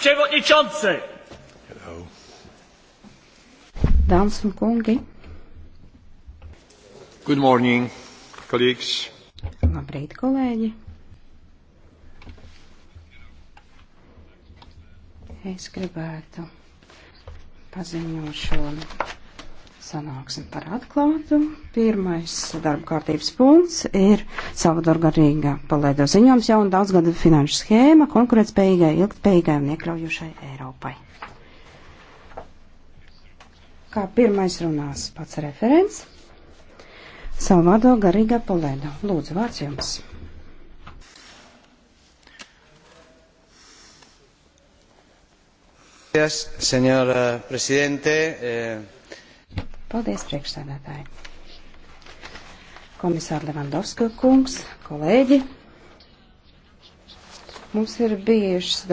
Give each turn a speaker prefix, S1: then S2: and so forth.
S1: przewodniczący! Hello.
S2: Dāmas un kungi. Good morning,
S3: colleagues.
S2: Labrīt, kolēģi. Es gribētu paziņot šo sanāksmi par atklātu. Pirmais darba kārtības punkts ir Salvador Garīga palaido ziņojums jauna daudzgada finanšu schēma konkurētspējīgai, ilgtspējīgai un iekļaujušai Eiropai. Kā pirmais runās pats referents Salvador Garīga palaido. Lūdzu, vārds jums.
S4: señor presidente eh,
S2: Paldies, priekšsēdētāji!
S1: Komisāra Levandovska kungs, kolēģi! Mums ir bijušas